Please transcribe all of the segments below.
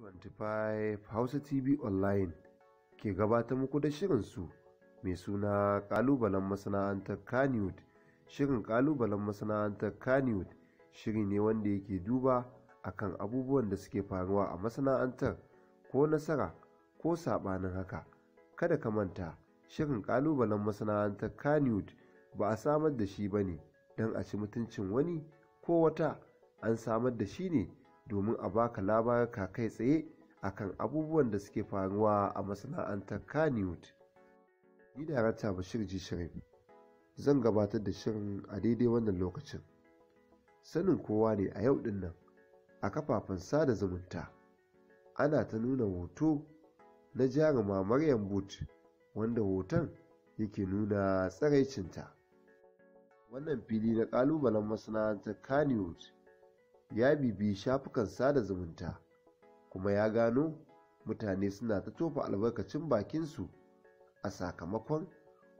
25 Hausa TV Online ke gabata muku da shirin su mai suna ƙalubalen masana'antar Kannywood. Shirin ƙalubalen masana'antar Kannywood shiri ne wanda yake duba akan abubuwan da suke faruwa a masana'antar ko nasara ko saɓanin haka. Kada ka manta, shirin ƙalubalen masana'antar Kannywood ba a samar da shi ba ne don a ci mutuncin wani ko wata an samar da shi ne domin a baka labarin ka kai tsaye akan abubuwan da suke faruwa a masana'antar Kannywood. Ni da rata Bashir shirji shirin zan gabatar da shirin a daidai wannan lokacin. Sanin kowa ne a yau dinnan. a kafafen sada zumunta. Ana ta nuna hoto na jaruma Maryam Boot wanda hoton yake nuna tsaraicinta. Wannan fili na ƙalubalen masana'antar Kannywood. ya bibi shafukan sada zumunta kuma ya gano mutane suna ta tofa albarkacin bakinsu a sakamakon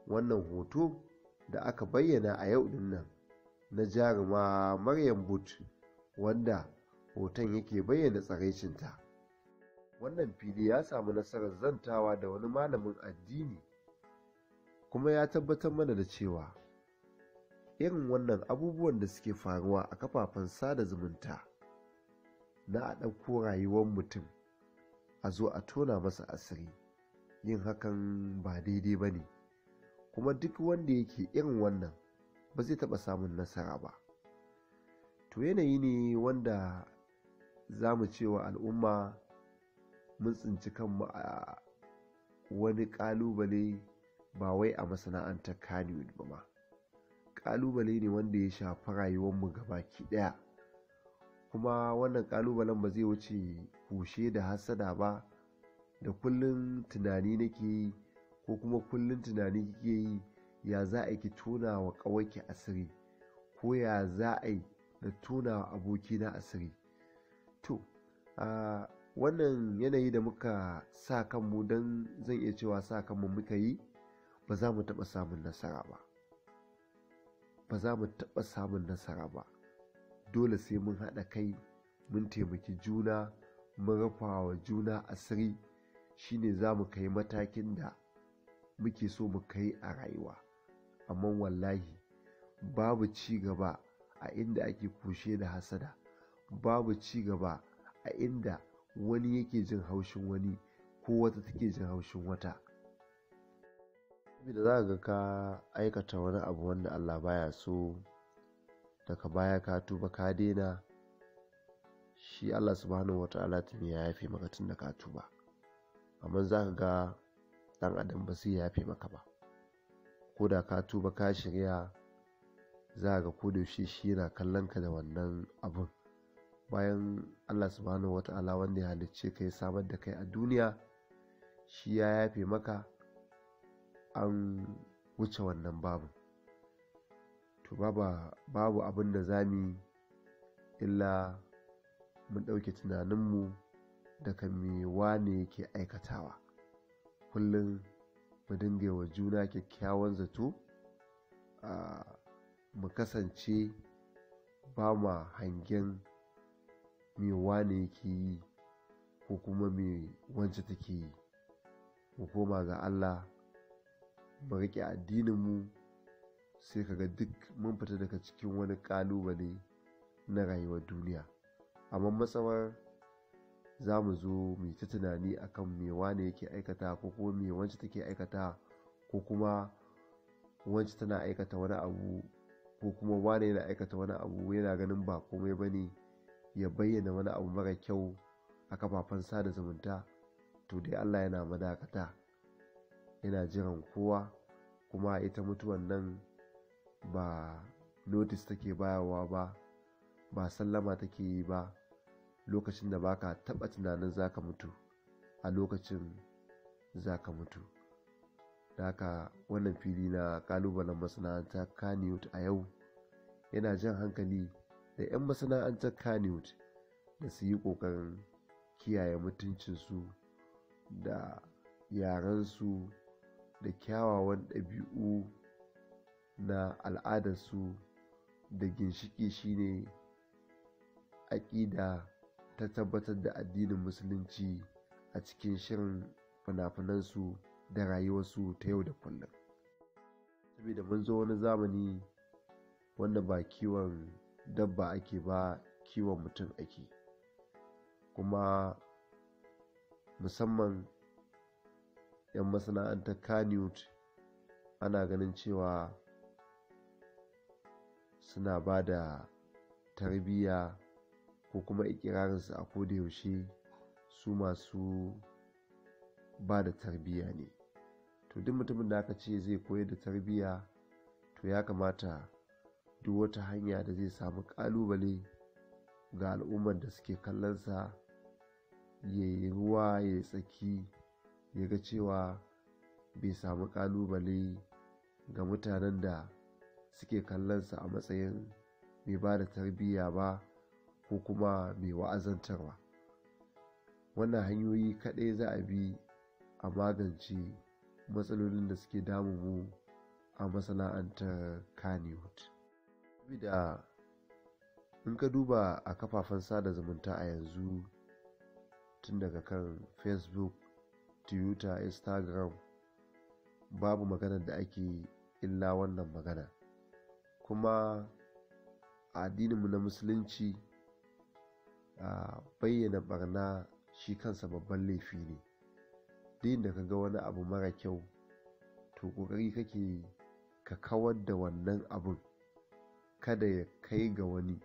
wannan hoto da aka bayyana a yau din nan na jaruma maryam but wanda hoton yake bayyana tsaraicinta wannan fili ya samu nasarar zantawa da wani malamin addini kuma ya tabbatar mana da cewa irin wannan abubuwan da suke faruwa a kafafen sada zumunta na a ɗauko rayuwar mutum a zo a tona masa asiri yin hakan ba daidai ba ne kuma duk wanda yake irin wannan ba zai taɓa samun nasara ba to yanayi ne wanda za mu cewa al'umma mun tsinci kanmu a wani ƙalubale ba wai a masana'antar kaniwood ba ma Ƙalubale ne wanda ya shafi rayuwarmu ki ɗaya kuma wannan ƙalubalen ba zai wuce kushe da hasada ba da kullum tunani nake yi ko kuma kullum tunani kike yi ya za a ki tuna wa ƙawarki asiri ko ya za a yi na tuna wa abokina asiri to a wannan yanayi da muka sa kanmu don zan iya cewa sa kanmu muka yi ba za mu taɓa samun nasara ba ba za mu taɓa samun nasara ba dole sai mun haɗa kai mun taimaki juna mun rufa wa juna asiri shine za mu kai matakin da muke so mu kai a rayuwa amma wallahi babu ci gaba a inda ake kushe da hasada babu ci gaba a inda wani yake jin haushin wani ko wata take jin haushin wata saboda za ga ka aikata wani abu wanda Allah baya so daga baya ka tuba ka daina shi Allah subhanahu wata'ala tuni ya yafe maka tun da ka tuba amma za ka ga dan adam ba su ya yafe maka ba ko da ka tuba ka shirya za ga ko da yaushe shi yana kallon ka da wannan abun bayan Allah subhanahu wata'ala wanda ya halicce ka yi samar da kai a duniya shi ya yafe maka an wuce wannan babu to baba babu abin da za mu illa mun ɗauke tunaninmu daga me wane yake aikatawa kullum mu dinga wa juna kyakkyawan zato a mu kasance ba ma hangen me wane yake yi ko kuma me wance take yi mu koma ga Allah mu riƙe addininmu sai ka ga duk mun fita daga cikin wani kalubale na rayuwar duniya amma matsawar za mu zo mu ta tunani akan me wane yake aikata ko kuma me wance take aikata ko kuma wance tana aikata wani abu ko kuma wane yana aikata wani abu yana ganin ba komai ba ne ya bayyana wani abu mara kyau a kafafen sada zumunta to dai Allah yana madakata. yana jiran kowa kuma ita mutuwan nan ba notice take bayawa ba ba sallama take yi ba lokacin da baka taɓa tunanin zaka mutu a lokacin zaka mutu da haka wannan fili na kalubalen masana'anta kaniwood a yau yana jan hankali da 'yan masana'antar kaniwood da su yi ƙoƙarin kiyaye mutuncinsu da yarensu da kyawawan ɗabi'u na al'adarsu da ginshiƙi shine aƙida ta tabbatar da addinin musulunci a cikin shirin fina-finansu da rayuwarsu ta yau da kullum saboda mun zo wani zamani wanda ba kiwon dabba ake ba kiwon mutum ake kuma musamman 'yan masana'antar kanewt ana ganin cewa suna ba da tarbiyya ko kuma su a yaushe su masu ba da tarbiyya ne to duk mutumin da aka ce zai koyar da tarbiyya to ya kamata duk wata hanya da zai samu kalubale ga al'ummar da suke kallonsa ya yi ruwa ya yi tsaki ya ga cewa bai samu ƙalubale ga mutanen da suke kallonsa a matsayin mai ba da tarbiyya ba ko kuma mai wa'azantarwa wannan hanyoyi kaɗai za a bi a magance matsalolin da suke damu a masana'antar kannywood da in ka duba a kafafen sada zumunta a yanzu tun daga kan facebook twitter instagram babu maganar da ake illa wannan magana kuma addininmu na musulunci a bayyana barna shi kansa babban laifi ne din da ga wani abu mara kyau to kokari kake ka kawar da wannan abun kada ya kai ga wani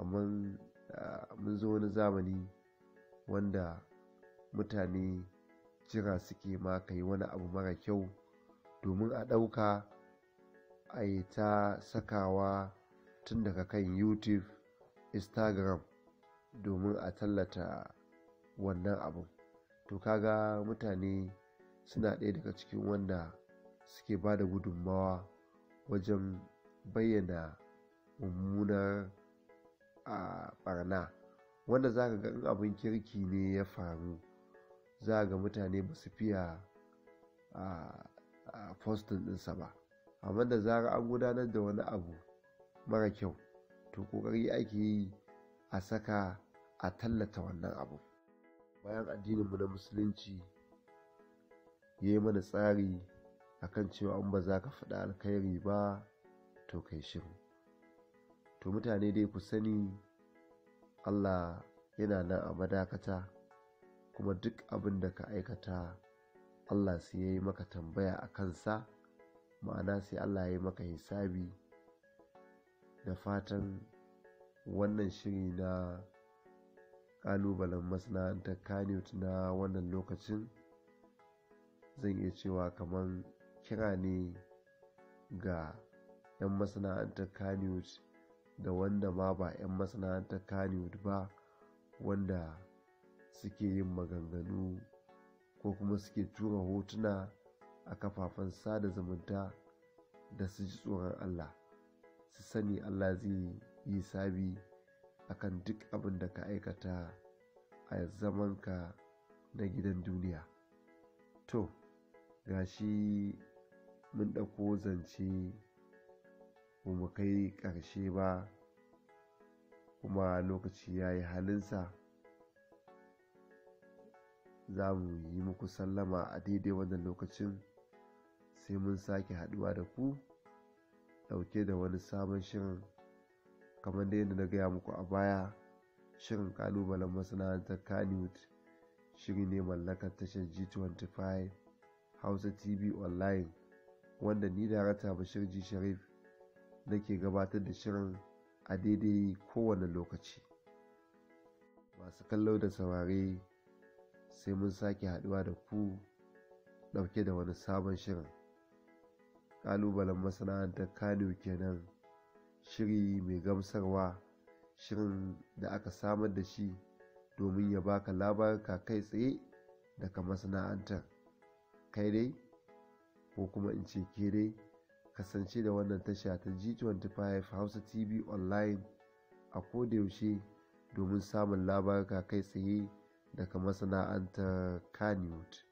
amma mun zo wani zamani wanda mutane jira suke ma ka yi wani abu mara kyau domin a ɗauka a yi ta sakawa tun daga kan youtube instagram domin a tallata wannan abun to kaga mutane suna ɗaya daga cikin wanda suke ba da gudunmawa wajen bayyana mummunar a ah, barna wanda za ka ga in abin kirki ne ya faru za a ga mutane ba su fiya a fostin ɗinsa ba amma da zara an gudanar da wani abu mara kyau to ƙoƙari ake yi a saka a tallata wannan abu bayan addininmu na musulunci ya yi mana tsari akan cewa in ba za ka faɗa alkhairi ba to kai shiru to mutane dai ku sani allah yana nan a madakata kuma duk abin da ka aikata Allah sai ya yi maka tambaya a kansa ma'ana sai Allah ya yi maka hisabi da fatan wannan shiri na ƙalubalen masana'antar kanut na wannan lokacin zan iya cewa kamar kira ne ga 'yan masana'antar kanut da wanda ma ba 'yan masana'antar kanut ba wanda suke yin maganganu ko kuma suke tura hotuna a kafafen sada zumunta da su ji tsoron Allah su sani Allah zai yi sabi akan duk abin da ka aikata a ka na gidan duniya to ga shi mun ɗauko zance ba mu kai ƙarshe ba kuma lokaci ya yi halinsa za mu yi muku sallama a daidai wannan lokacin sai mun sake haɗuwa da ku ɗauke da wani sabon shirin kamar da yadda na gaya muku a baya shirin kalubalen masana'antar kaliwood shiri ne mallakar tashar g25 hausa tv online wanda ni darata bashir ji sharif nake gabatar da shirin a daidai kowane lokaci masu kallo da saurare sai mun sake haɗuwa da ku ɗauke da wani sabon shirin ƙalubalen masana'antar kano kenan shiri mai gamsarwa shirin da aka samar da shi domin ya baka labarka kai tsaye daga masana'antar kai dai ko kuma in ce ke dai kasance da wannan tasha ta G25 Hausa TV online a yaushe domin samun labarka kai tsaye daga masana'antar Kannywood.